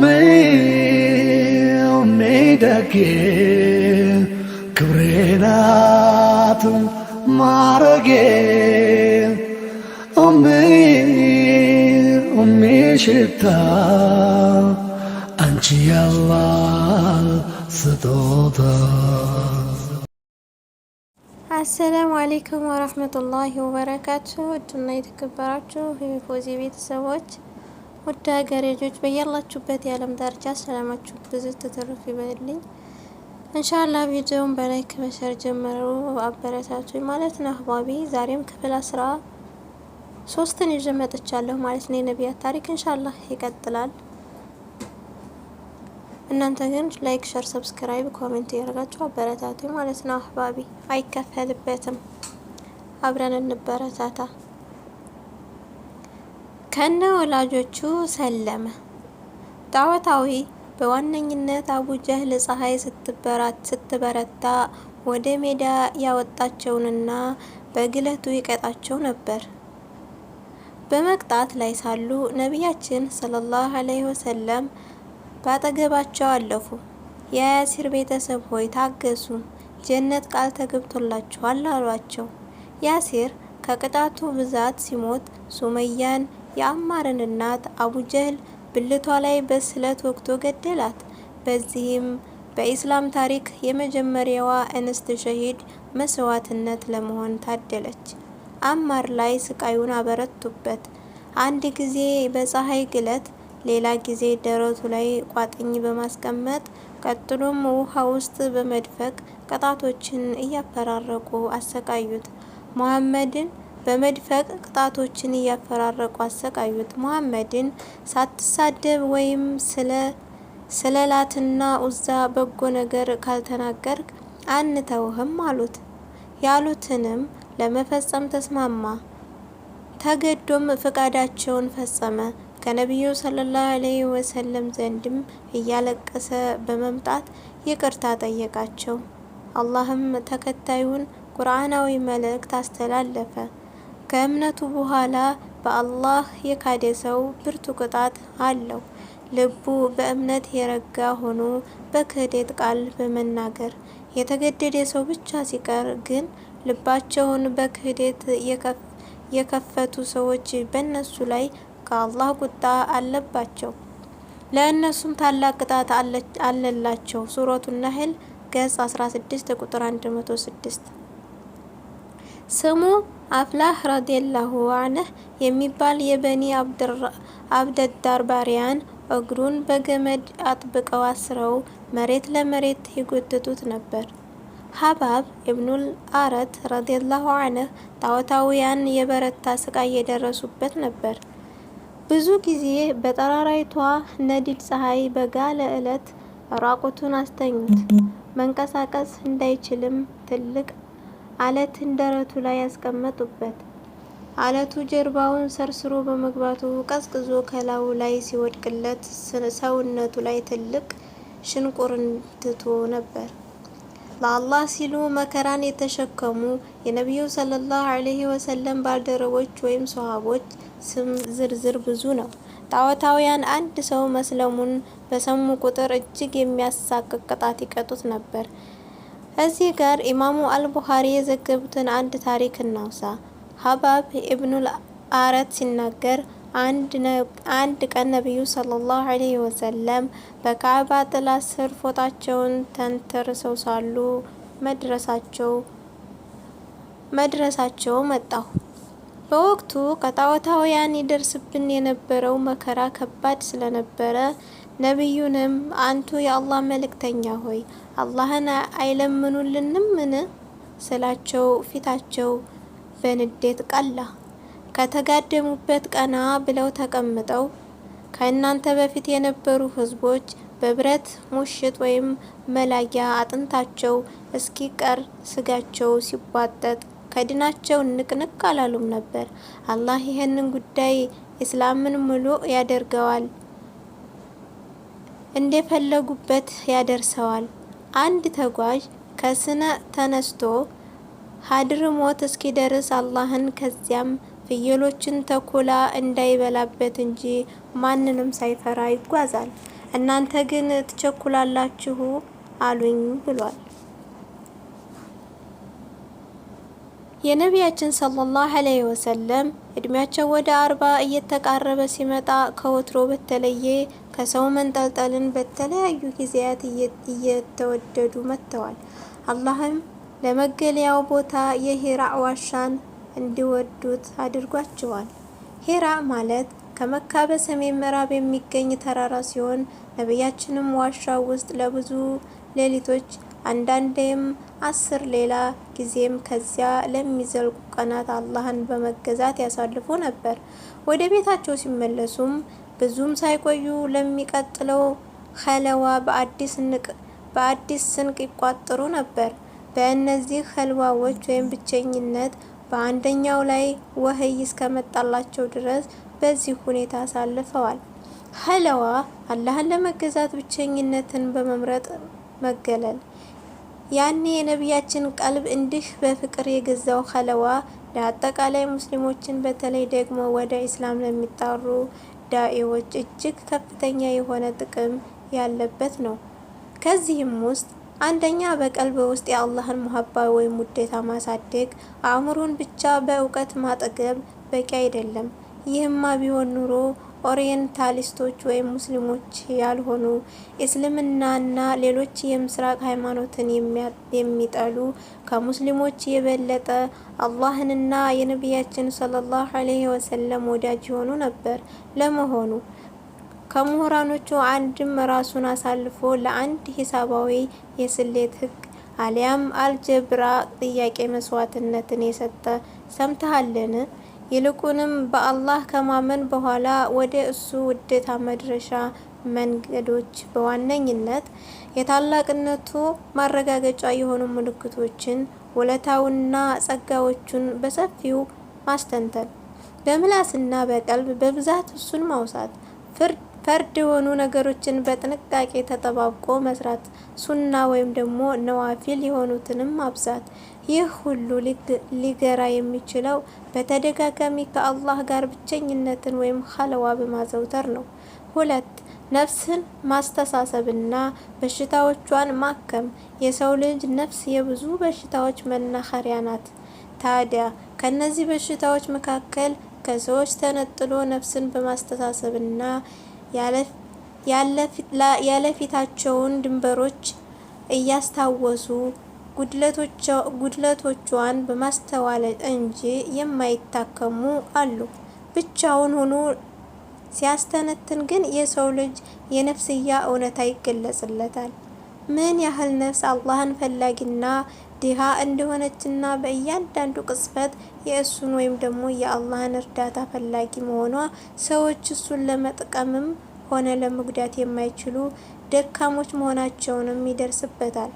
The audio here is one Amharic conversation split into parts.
ሜሜደጌ ክብሬናት ማረጌ ሽታ አንቺ ያላል ስጦታ። አሰላሙ አሌይኩም ወረህመቱላሂ ወበረካቱ። እድና የተከበራችሁ የፎዚ ቤተሰቦች ወደ ሀገሬ ልጆች በያላችሁበት የዓለም ዳርቻ ሰላማችሁ ብዙ ተተርፍ ይበልኝ። እንሻላ ቪዲዮውን በላይ ከመሸር ጀምሮ አበረታቱ ማለት ነው። አህባቢ ዛሬም ክፍል አስራ ሶስትን ይዤ መጥቻለሁ ማለት ነው። የነቢያት ታሪክ እንሻላ ይቀጥላል። እናንተ ግን ላይክ፣ ሸር፣ ሰብስክራይብ፣ ኮሜንት እያደረጋችሁ አበረታቱ ማለት ነው። አህባቢ አይከፈልበትም። አብረን እንበረታታ። ከነ ወላጆቹ ሰለመ። ዳዋታዊ በዋነኝነት አቡጀህል ጀህል ፀሐይ ስትበረታ ወደ ሜዳ ያወጣቸውንና በግለቱ ይቀጣቸው ነበር። በመቅጣት ላይ ሳሉ ነቢያችን ሰለላሁ ዐለይሂ ወሰለም ባጠገባቸው አለፉ። የያሲር ቤተሰብ ሆይ ታገሱ፣ ጀነት ቃል ተገብቶላችኋል አሏቸው። ያሲር ከቅጣቱ ብዛት ሲሞት ሱመያን የአማርን እናት አቡጀህል ብልቷ ላይ በስለት ወቅቶ ገደላት። በዚህም በኢስላም ታሪክ የመጀመሪያዋ እንስት ሸሂድ መስዋዕትነት ለመሆን ታደለች። አማር ላይ ስቃዩን አበረቱበት። አንድ ጊዜ በፀሐይ ግለት፣ ሌላ ጊዜ ደረቱ ላይ ቋጥኝ በማስቀመጥ ቀጥሎም ውሃ ውስጥ በመድፈቅ ቅጣቶችን እያፈራረቁ አሰቃዩት። መሐመድን በመድፈቅ ቅጣቶችን እያፈራረቁ አሰቃዩት። ሙሐመድን ሳትሳደብ ወይም ስለ ስለላትና ኡዛ በጎ ነገር ካልተናገርክ አንተውህም አሉት። ያሉትንም ለመፈጸም ተስማማ። ተገዶም ፍቃዳቸውን ፈጸመ። ከነቢዩ ሰለላሁ ዐለይሂ ወሰለም ዘንድም እያለቀሰ በመምጣት ይቅርታ ጠየቃቸው። አላህም ተከታዩን ቁርአናዊ መልእክት አስተላለፈ። ከእምነቱ በኋላ በአላህ የካደ ሰው ብርቱ ቅጣት አለው። ልቡ በእምነት የረጋ ሆኖ በክህደት ቃል በመናገር የተገደደ ሰው ብቻ ሲቀር ግን ልባቸውን በክህደት የከፈቱ ሰዎች በእነሱ ላይ ከአላህ ቁጣ አለባቸው፣ ለእነሱም ታላቅ ቅጣት አለላቸው። ሱረቱ ነህል ገጽ 16 ቁጥር 106 ስሙ አፍላህ ረዲየላሁ አንህ የሚባል የበኒ አብደዳር ባሪያን እግሩን በገመድ አጥብቀው አስረው መሬት ለመሬት ይጎትቱት ነበር። ሀባብ ኢብኑል አረት ረዲየላሁ አንህ ጣዖታውያን የበረታ ስቃይ የደረሱበት ነበር። ብዙ ጊዜ በጠራራይቷ ነዲድ ፀሐይ በጋለ ዕለት ራቁቱን አስተኙት። መንቀሳቀስ እንዳይችልም ትልቅ አለትን ደረቱ ላይ ያስቀመጡበት። አለቱ ጀርባውን ሰርስሮ በመግባቱ ቀዝቅዞ ከላዩ ላይ ሲወድቅለት ሰውነቱ ላይ ትልቅ ሽንቁርን ትቶ ነበር። ለአላህ ሲሉ መከራን የተሸከሙ የነቢዩ ሰለላሁ ዐለይሂ ወሰለም ባልደረቦች ወይም ሰሃቦች ስም ዝርዝር ብዙ ነው። ጣዖታውያን አንድ ሰው መስለሙን በሰሙ ቁጥር እጅግ የሚያሳቅቅ ቅጣት ይቀጡት ነበር። እዚህ ጋር ኢማሙ አልቡኻሪ የዘገቡትን አንድ ታሪክ እናውሳ። ሀባብ ኢብኑል አረት ሲናገር አንድ ቀን ነቢዩ ሰለላሁ ዐለይሂ ወሰለም በካዕባ ጥላ ስር ፎጣቸውን ተንተርሰው ሳሉ መድረሳቸው መድረሳቸው መጣሁ። በወቅቱ ከጣዖታውያን ይደርስብን የነበረው መከራ ከባድ ስለነበረ ነቢዩንም አንቱ የአላህ መልእክተኛ ሆይ አላህን አይለምኑልንምን ስላቸው ፊታቸው በንዴት ቀላ። ከተጋደሙበት ቀና ብለው ተቀምጠው ከእናንተ በፊት የነበሩ ህዝቦች በብረት ሙሽጥ ወይም መላያ አጥንታቸው እስኪቀር ስጋቸው ሲቧጠጥ ከድናቸው ንቅንቅ አላሉም ነበር። አላህ ይህንን ጉዳይ ኢስላምን ሙሉእ ያደርገዋል። እንደፈለጉበት ያደርሰዋል። አንድ ተጓዥ ከስነ ተነስቶ ሀድርሞት እስኪደርስ አላህን ከዚያም ፍየሎችን ተኩላ እንዳይበላበት እንጂ ማንንም ሳይፈራ ይጓዛል። እናንተ ግን ትቸኩላላችሁ አሉኝ ብሏል። የነቢያችን ሰለላሁ አለይሂ ወሰለም እድሜያቸው ወደ አርባ እየተቃረበ ሲመጣ ከወትሮ በተለየ ከሰው መንጠልጠልን በተለያዩ ጊዜያት እየተወደዱ መጥተዋል። አላህም ለመገለያው ቦታ የሂራ ዋሻን እንዲወዱት አድርጓቸዋል። ሂራ ማለት ከመካ በሰሜን ምዕራብ የሚገኝ ተራራ ሲሆን ነቢያችንም ዋሻው ውስጥ ለብዙ ሌሊቶች አንዳንዴም አስር ሌላ ጊዜም ከዚያ ለሚዘልቁ ቀናት አላህን በመገዛት ያሳልፉ ነበር። ወደ ቤታቸው ሲመለሱም ብዙም ሳይቆዩ ለሚቀጥለው ኸለዋ በአዲስ ስንቅ ይቋጠሩ ነበር። በእነዚህ ኸልዋዎች ወይም ብቸኝነት በአንደኛው ላይ ወህይ እስከመጣላቸው ድረስ በዚህ ሁኔታ አሳልፈዋል። ኸለዋ አላህን ለመገዛት ብቸኝነትን በመምረጥ መገለል። ያኔ የነቢያችን ቀልብ እንዲህ በፍቅር የገዛው ኸለዋ ለአጠቃላይ ሙስሊሞችን በተለይ ደግሞ ወደ ኢስላም ለሚጣሩ ዳኤዎች እጅግ ከፍተኛ የሆነ ጥቅም ያለበት ነው። ከዚህም ውስጥ አንደኛ በቀልብ ውስጥ የአላህን መሀባ ወይም ውዴታ ማሳደግ፣ አእምሮን ብቻ በእውቀት ማጠገብ በቂ አይደለም። ይህማ ቢሆን ኑሮ ኦሪየንታሊስቶች ወይም ሙስሊሞች ያልሆኑ እስልምናና ሌሎች የምስራቅ ሃይማኖትን የሚጠሉ ከሙስሊሞች የበለጠ አላህንና የነቢያችን ሰለላሁ ዐለይሂ ወሰለም ወዳጅ የሆኑ ነበር። ለመሆኑ ከምሁራኖቹ አንድም ራሱን አሳልፎ ለአንድ ሂሳባዊ የስሌት ህግ አሊያም አልጀብራ ጥያቄ መስዋዕትነትን የሰጠ ሰምተሃለን? ይልቁንም በአላህ ከማመን በኋላ ወደ እሱ ውዴታ መድረሻ መንገዶች በዋነኝነት የታላቅነቱ ማረጋገጫ የሆኑ ምልክቶችን፣ ውለታውና ጸጋዎቹን በሰፊው ማስተንተን፣ በምላስና በቀልብ በብዛት እሱን ማውሳት፣ ፈርድ የሆኑ ነገሮችን በጥንቃቄ ተጠባብቆ መስራት፣ ሱና ወይም ደግሞ ነዋፊል የሆኑትንም ማብዛት ይህ ሁሉ ሊገራ የሚችለው በተደጋጋሚ ከአላህ ጋር ብቸኝነትን ወይም ኸለዋ በማዘውተር ነው። ሁለት ነፍስን ማስተሳሰብና በሽታዎቿን ማከም። የሰው ልጅ ነፍስ የብዙ በሽታዎች መናኸሪያ ናት። ታዲያ ከነዚህ በሽታዎች መካከል ከሰዎች ተነጥሎ ነፍስን በማስተሳሰብና ያለፊታቸውን ድንበሮች እያስታወሱ ጉድለቶቿን በማስተዋል እንጂ የማይታከሙ አሉ። ብቻውን ሆኖ ሲያስተነትን ግን የሰው ልጅ የነፍስያ እውነታ ይገለጽለታል። ምን ያህል ነፍስ አላህን ፈላጊና ድሃ እንደሆነችና በእያንዳንዱ ቅጽበት የእሱን ወይም ደግሞ የአላህን እርዳታ ፈላጊ መሆኗ ሰዎች እሱን ለመጥቀምም ሆነ ለመጉዳት የማይችሉ ደካሞች መሆናቸውንም ይደርስበታል።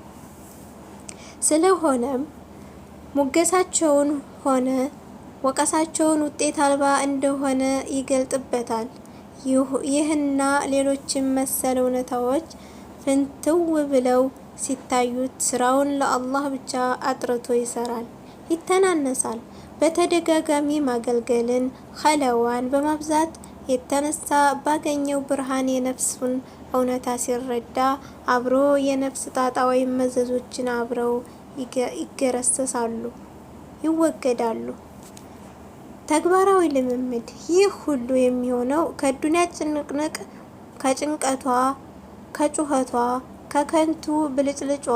ስለሆነም ሙገሳቸውን ሆነ ወቀሳቸውን ውጤት አልባ እንደሆነ ይገልጥበታል። ይህና ሌሎችም መሰል እውነታዎች ፍንትው ብለው ሲታዩት ስራውን ለአላህ ብቻ አጥርቶ ይሰራል፣ ይተናነሳል። በተደጋጋሚ ማገልገልን ኸለዋን በማብዛት የተነሳ ባገኘው ብርሃን የነፍሱን እውነታ ሲረዳ አብሮ የነፍስ ጣጣ ወይም መዘዞችን አብረው ይገረሰሳሉ፣ ይወገዳሉ። ተግባራዊ ልምምድ። ይህ ሁሉ የሚሆነው ከዱንያ ጭንቅንቅ፣ ከጭንቀቷ፣ ከጩኸቷ፣ ከከንቱ ብልጭልጯ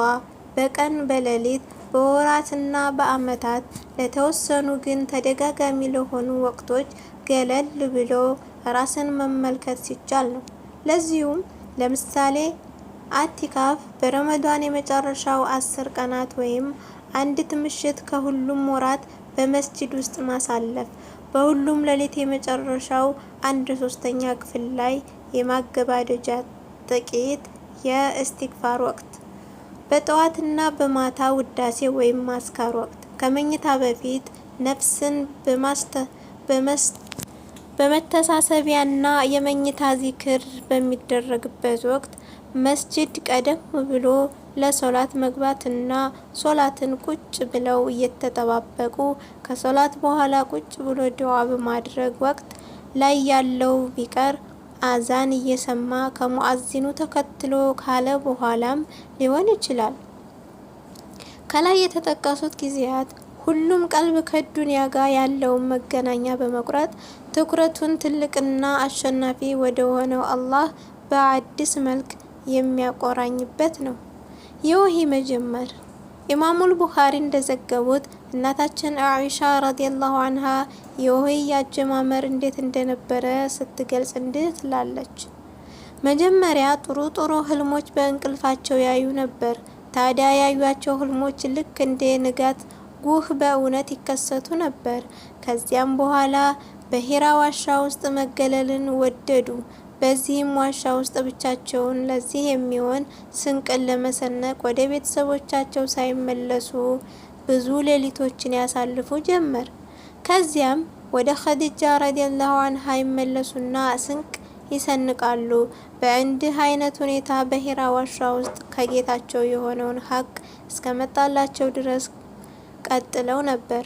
በቀን በሌሊት በወራትና በዓመታት ለተወሰኑ ግን ተደጋጋሚ ለሆኑ ወቅቶች ገለል ብሎ ራስን መመልከት ሲቻል ነው። ለዚሁም ለምሳሌ አቲካፍ በረመዷን የመጨረሻው አስር ቀናት ወይም አንዲት ምሽት ከሁሉም ወራት በመስጂድ ውስጥ ማሳለፍ በሁሉም ሌሊት የመጨረሻው አንድ ሶስተኛ ክፍል ላይ የማገባደጃ ጥቂት የእስቲክፋር ወቅት በጠዋትና በማታ ውዳሴ ወይም ማስካር ወቅት ከመኝታ በፊት ነፍስን በመተሳሰቢያና የመኝታ ዚክር በሚደረግበት ወቅት መስጂድ ቀደም ብሎ ለሶላት መግባትና ሶላትን ቁጭ ብለው እየተጠባበቁ ከሶላት በኋላ ቁጭ ብሎ ድዋ በማድረግ ወቅት ላይ ያለው ቢቀር አዛን እየሰማ ከሙአዚኑ ተከትሎ ካለ በኋላም ሊሆን ይችላል። ከላይ የተጠቀሱት ጊዜያት ሁሉም ቀልብ ከዱንያ ጋር ያለውን መገናኛ በመቁረጥ ትኩረቱን ትልቅና አሸናፊ ወደ ሆነው አላህ በአዲስ መልክ የሚያቆራኝበት ነው። የወሂ መጀመር ኢማሙል ቡኻሪ እንደዘገቡት እናታችን አኢሻ ረዲየላሁ አንሃ የወሂ አጀማመር እንዴት እንደነበረ ስትገልጽ እንዲህ ትላለች። መጀመሪያ ጥሩ ጥሩ ህልሞች በእንቅልፋቸው ያዩ ነበር። ታዲያ ያዩቸው ህልሞች ልክ እንደ ንጋት ጉህ በእውነት ይከሰቱ ነበር። ከዚያም በኋላ በሂራ ዋሻ ውስጥ መገለልን ወደዱ። በዚህም ዋሻ ውስጥ ብቻቸውን ለዚህ የሚሆን ስንቅን ለመሰነቅ ወደ ቤተሰቦቻቸው ሳይመለሱ ብዙ ሌሊቶችን ያሳልፉ ጀመር። ከዚያም ወደ ኸዲጃ ረዲየላሁ አንሃ ይመለሱና ስንቅ ይሰንቃሉ። በእንዲህ አይነት ሁኔታ በሂራ ዋሻ ውስጥ ከጌታቸው የሆነውን ሀቅ እስከመጣላቸው ድረስ ቀጥለው ነበር።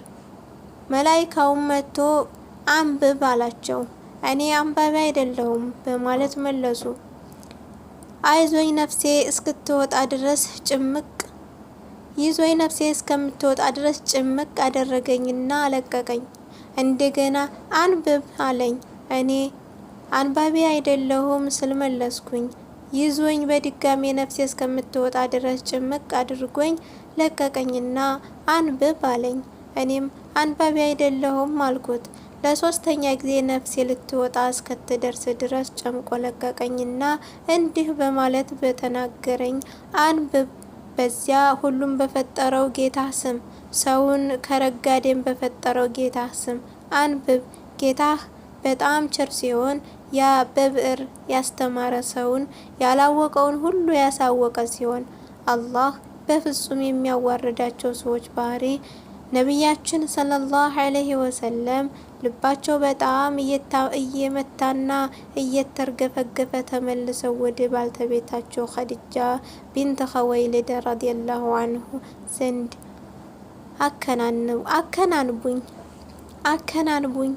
መላይካውም መጥቶ አንብብ አላቸው። እኔ አንባቢ አይደለሁም በማለት መለሱ። አይዞኝ ነፍሴ እስክትወጣ ድረስ ጭምቅ ይዞኝ ነፍሴ እስከምትወጣ ድረስ ጭምቅ አደረገኝና አለቀቀኝ። እንደገና አንብብ አለኝ። እኔ አንባቢ አይደለሁም ስል መለስኩኝ። ይዞኝ በድጋሜ ነፍሴ እስከምትወጣ ድረስ ጭምቅ አድርጎኝ ለቀቀኝና አንብብ አለኝ። እኔም አንባቢ አይደለሁም አልኩት። ለሶስተኛ ጊዜ ነፍሴ ልትወጣ እስክትደርስ ድረስ ጨምቆ ለቀቀኝና እንዲህ በማለት በተናገረኝ አንብብ። በዚያ ሁሉም በፈጠረው ጌታ ስም፣ ሰውን ከረጋዴም በፈጠረው ጌታ ስም አንብብ። ጌታህ በጣም ቸር ሲሆን ያ በብዕር ያስተማረ ሰውን ያላወቀውን ሁሉ ያሳወቀ ሲሆን አላህ በፍጹም የሚያዋርዳቸው ሰዎች ባህሪ ነቢያችን ሰለላሁ ዐለይሂ ወሰለም ልባቸው በጣም እየመታና እየተርገፈገፈ ተመልሰው ወደ ባልተቤታቸው ኸዲጃ ቢንት ኸወይልድ ረዲየላሁ አንሁ ዘንድ አከናንቡኝ አከናንቡኝ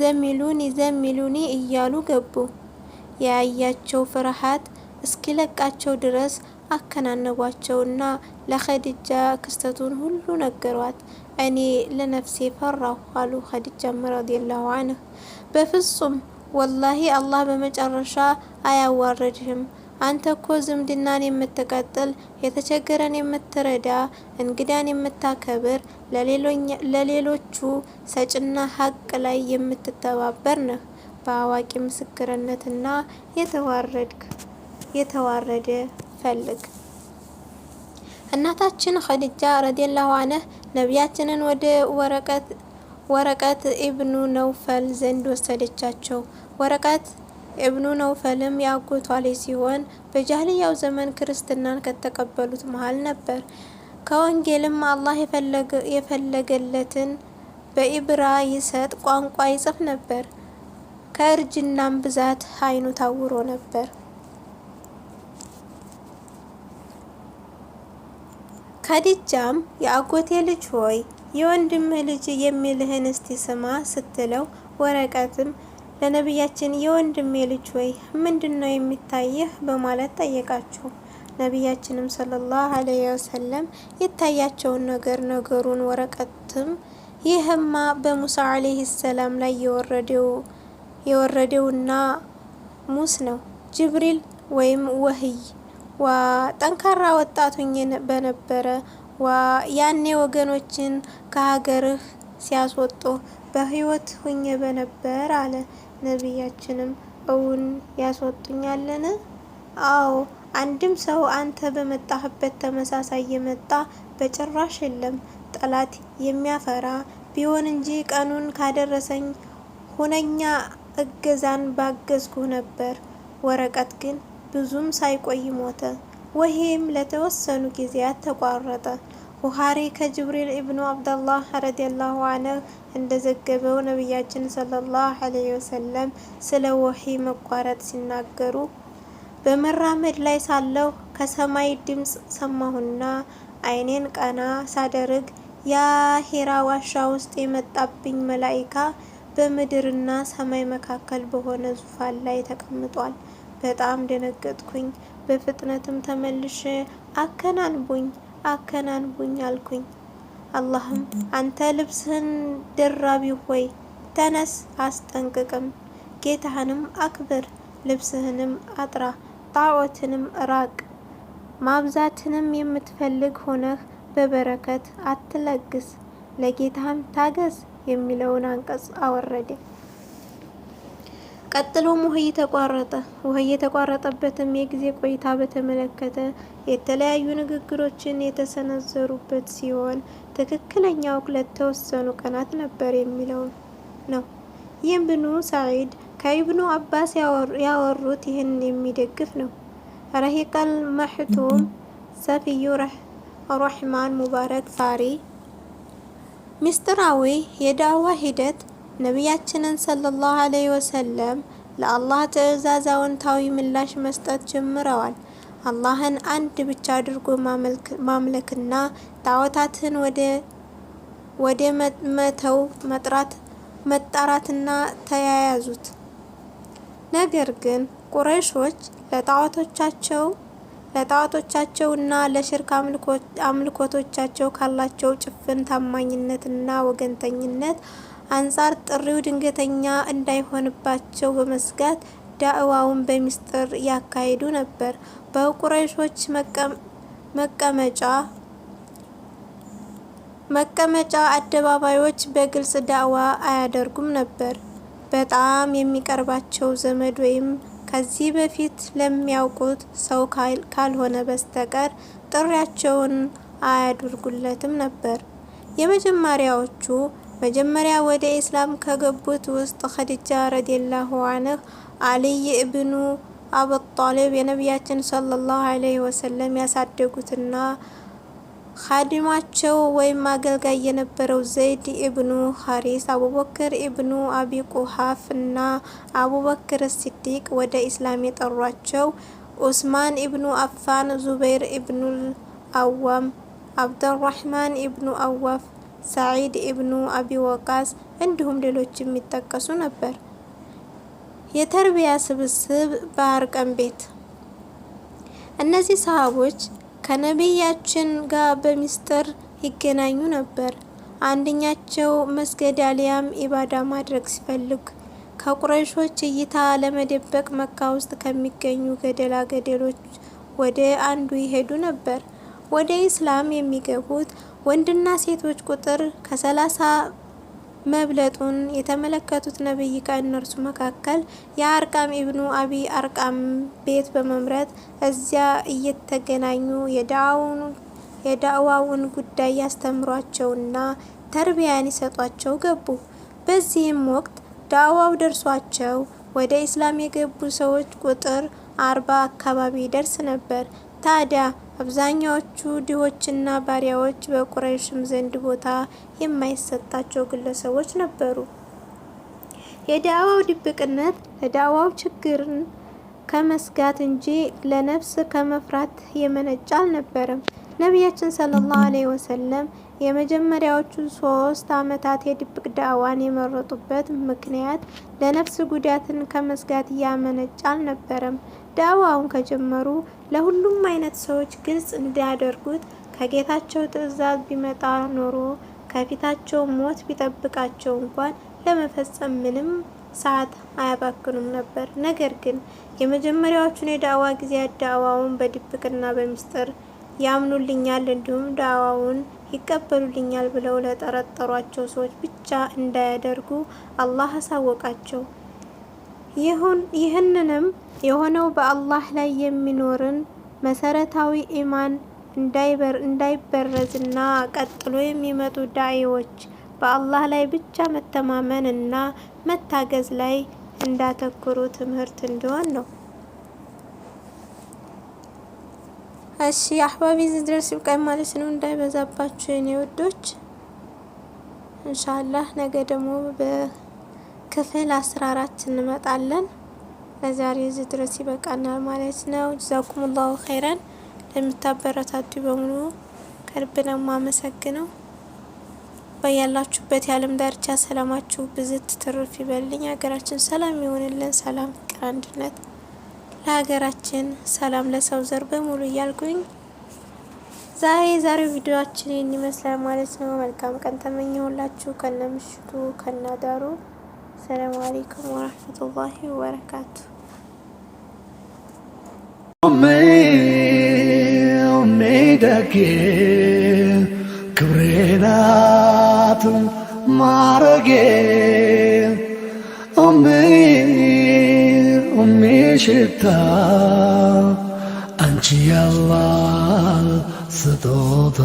ዘሚሉኒ ዘሚሉኒ እያሉ ገቡ። የያያቸው ፍርሃት እስኪለቃቸው ድረስ አከናነቧቸውና ለኸዲጃ ክስተቱን ሁሉ ነገሯት። እኔ ለነፍሴ ፈራሁ አሉ ኸዲጃም ረዲየላሁ አንህ። በፍጹም ወላሂ አላህ በመጨረሻ አያዋረድህም። አንተ እኮ ዝምድናን የምትቀጥል የተቸገረን የምትረዳ እንግዳን የምታከብር ለሌሎቹ ሰጭና ሀቅ ላይ የምትተባበር ነህ። በአዋቂ ምስክርነትና የተዋረድክ የተዋረደ ፈልግ እናታችን ኸዲጃ ረዲየላሁ አንሃ ነቢያችንን ወደ ወረቀት ወረቀት ኢብኑ ነውፈል ዘንድ ወሰደቻቸው። ወረቀት ኢብኑ ነውፈልም ያጎቷ ልጅ ሲሆን በጃህልያው ዘመን ክርስትናን ከተቀበሉት መሀል ነበር። ከወንጌልም አላህ የፈለገለትን በኢብራ ይሰጥ ቋንቋ ይጽፍ ነበር። ከእርጅናም ብዛት አይኑ ታውሮ ነበር። ከዲጃም የአጎቴ ልጅ ሆይ የወንድም ልጅ የሚልህን እስቲ ስማ ስትለው፣ ወረቀትም ለነቢያችን የወንድሜ ልጅ ሆይ ምንድን ነው የሚታየህ በማለት ጠየቃቸው። ነቢያችንም ሰለላሁ አለይሂ ወሰለም የታያቸውን ነገር ነገሩን። ወረቀትም ይህማ በሙሳ አለይሂ ሰላም ላይ የወረደው የወረደውና ሙስ ነው ጅብሪል ወይም ወህይ ዋ ጠንካራ ወጣቱኝን በነበረ ዋ ያኔ ወገኖችን ከሀገርህ ሲያስወጡ በህይወት ሁኜ በነበር አለ ነቢያችንም። እውን ያስወጡኛለን? አዎ አንድም ሰው አንተ በመጣህበት ተመሳሳይ የመጣ በጭራሽ የለም። ጠላት የሚያፈራ ቢሆን እንጂ ቀኑን ካደረሰኝ ሁነኛ እገዛን ባገዝኩ ነበር። ወረቀት ግን ብዙም ሳይቆይ ሞተ፣ ወሄም ለተወሰኑ ጊዜያት ተቋረጠ። ቡኻሪ ከጅብሪል ኢብኑ አብደላህ ረዲየላሁ አንሁ እንደዘገበው ነቢያችን ሰለላሁ ዐለይሂ ወሰለም ስለ ወሂይ መቋረጥ ሲናገሩ በመራመድ ላይ ሳለሁ ከሰማይ ድምፅ ሰማሁና አይኔን ቀና ሳደርግ ያ ሄራ ዋሻ ውስጥ የመጣብኝ መላኢካ በምድርና ሰማይ መካከል በሆነ ዙፋን ላይ ተቀምጧል። በጣም ደነገጥኩኝ። በፍጥነትም ተመልሼ አከናንቡኝ አከናንቡኝ አልኩኝ። አላህም አንተ ልብስህን ደራቢ ሆይ ተነስ፣ አስጠንቅቅም፣ ጌታህንም አክብር፣ ልብስህንም አጥራ፣ ጣዖትንም ራቅ። ማብዛትንም የምትፈልግ ሆነህ በበረከት አትለግስ፣ ለጌታህም ታገዝ የሚለውን አንቀጽ አወረደ። ቀጥሎም ውህ እየተቋረጠ ውህ የተቋረጠበትም የጊዜ ቆይታ በተመለከተ የተለያዩ ንግግሮችን የተሰነዘሩበት ሲሆን ትክክለኛው ለተወሰኑ ቀናት ነበር የሚለው ነው። ይህም ብኑ ሳዒድ ከኢብኑ አባስ ያወሩት ይህን የሚደግፍ ነው። ረሂቃል መሕቱም ሰፊዩ ረሕማን ሙባረክ ሳሪ ሚስጥራዊ የዳዋ ሂደት ነቢያችንን ሰለላሁ አለይሂ ወሰለም ለአላህ ትእዛዝ አዎንታዊ ምላሽ መስጠት ጀምረዋል። አላህን አንድ ብቻ አድርጎ ማምለክና ጣዖታትን ወደ መተው መጥራት መጣራትና ተያያዙት። ነገር ግን ቁረይሾች ለጣዖቶቻቸው ለጣዖቶቻቸውና ለሽርክ አምልኮቶቻቸው ካላቸው ጭፍን ታማኝነትና ወገንተኝነት አንጻር ጥሪው ድንገተኛ እንዳይሆንባቸው በመስጋት ዳዕዋውን በሚስጥር ያካሂዱ ነበር። በቁረይሾች መቀመጫ መቀመጫ አደባባዮች በግልጽ ዳዕዋ አያደርጉም ነበር። በጣም የሚቀርባቸው ዘመድ ወይም ከዚህ በፊት ለሚያውቁት ሰው ካልሆነ በስተቀር ጥሪያቸውን አያደርጉለትም ነበር። የመጀመሪያዎቹ መጀመሪያ ወደ ኢስላም ከገቡት ውስጥ ኸዲጃ ረዲየላሁ ዐንህ፣ አልይ እብኑ አቡጣሊብ የነቢያችን ሰለላሁ ዐለይሂ ወሰለም ያሳደጉትና ኻዲማቸው ወይም አገልጋይ የነበረው ዘይድ ኢብኑ ሀሪስ፣ አቡበክር ኢብኑ አቢ ቁሃፍ እና አቡበክር ሲዲቅ ወደ ኢስላም የጠሯቸው ኡስማን ኢብኑ አፋን፣ ዙበይር ኢብኑል አዋም፣ አብደራህማን ኢብኑ አዋፍ ሰዒድ ኢብኑ አቢ ወቃስ እንዲሁም ሌሎች የሚጠቀሱ ነበር። የተርቢያ ስብስብ በአርቀም ቤት እነዚህ ሰሃቦች ከነቢያችን ጋር በሚስጥር ይገናኙ ነበር። አንደኛቸው መስገድ አሊያም ኢባዳ ማድረግ ሲፈልግ ከቁረይሾች እይታ ለመደበቅ መካ ውስጥ ከሚገኙ ገደላ ገደሎች ወደ አንዱ ይሄዱ ነበር። ወደ ኢስላም የሚገቡት ወንድና ሴቶች ቁጥር ከሰላሳ መብለጡን የተመለከቱት ነቢይ ከእነርሱ መካከል የአርቃም ኢብኑ አቢ አርቃም ቤት በመምረጥ እዚያ እየተገናኙ የዳዕዋውን ጉዳይ ያስተምሯቸውና ተርቢያን ይሰጧቸው ገቡ። በዚህም ወቅት ዳዕዋው ደርሷቸው ወደ ኢስላም የገቡ ሰዎች ቁጥር አርባ አካባቢ ይደርስ ነበር። ታዲያ አብዛኛዎቹ ድሆችና ባሪያዎች በቁረይሽም ዘንድ ቦታ የማይሰጣቸው ግለሰቦች ነበሩ። የዳዋው ድብቅነት ለዳዋው ችግርን ከመስጋት እንጂ ለነፍስ ከመፍራት የመነጫ አልነበረም። ነቢያችን ሰለላሁ ዐለይሂ ወሰለም የመጀመሪያዎቹ ሶስት አመታት የድብቅ ዳዕዋን የመረጡበት ምክንያት ለነፍስ ጉዳትን ከመስጋት እያመነጭ አልነበረም። ዳዋውን ከጀመሩ ለሁሉም አይነት ሰዎች ግልጽ እንዲያደርጉት ከጌታቸው ትእዛዝ ቢመጣ ኖሮ ከፊታቸው ሞት ቢጠብቃቸው እንኳን ለመፈጸም ምንም ሰዓት አያባክኑም ነበር። ነገር ግን የመጀመሪያዎቹን የዳዋ ጊዜያት ዳዋውን በድብቅና በሚስጥር ያምኑልኛል እንዲሁም ዳዋውን ይቀበሉልኛል ብለው ለጠረጠሯቸው ሰዎች ብቻ እንዳያደርጉ አላህ አሳወቃቸው። ይህንንም የሆነው በአላህ ላይ የሚኖርን መሰረታዊ ኢማን እንዳይበረዝና ቀጥሎ የሚመጡ ዳኢዎች በአላህ ላይ ብቻ መተማመን እና መታገዝ ላይ እንዳተኩሩ ትምህርት እንዲሆን ነው። እሺ አህባቢ እዚህ ድረስ ይብቃኝ ማለት ነው፣ እንዳይበዛባችሁ የኔ ውዶች። እንሻላህ ነገ ደግሞ በክፍል አስራ አራት እንመጣለን። ለዛሬ እዚህ ድረስ ይበቃናል ማለት ነው። ጀዛኩም ጀዛኩሙላሁ ኸይረን ለምታበረታቱ በሙሉ ከልብ ነው የማመሰግነው። በያላችሁበት የዓለም ዳርቻ ሰላማችሁ ብዝት ትርፍ ይበልኝ። ሀገራችን ሰላም ይሆንልን። ሰላም፣ ፍቅር፣ አንድነት ለሀገራችን ሰላም ለሰው ዘር በሙሉ እያልኩኝ ዛሬ ዛሬው ቪዲዮችን ይመስላል ማለት ነው። መልካም ቀን ተመኘሁላችሁ ከነ ምሽቱ ከነ ዳሩ። ሰላም አለይኩም ወራህመቱላሂ ወበረካቱ። ሜደጌ ክብሬናት ማረጌ ሽታ አንቺ ያላ ስጦታ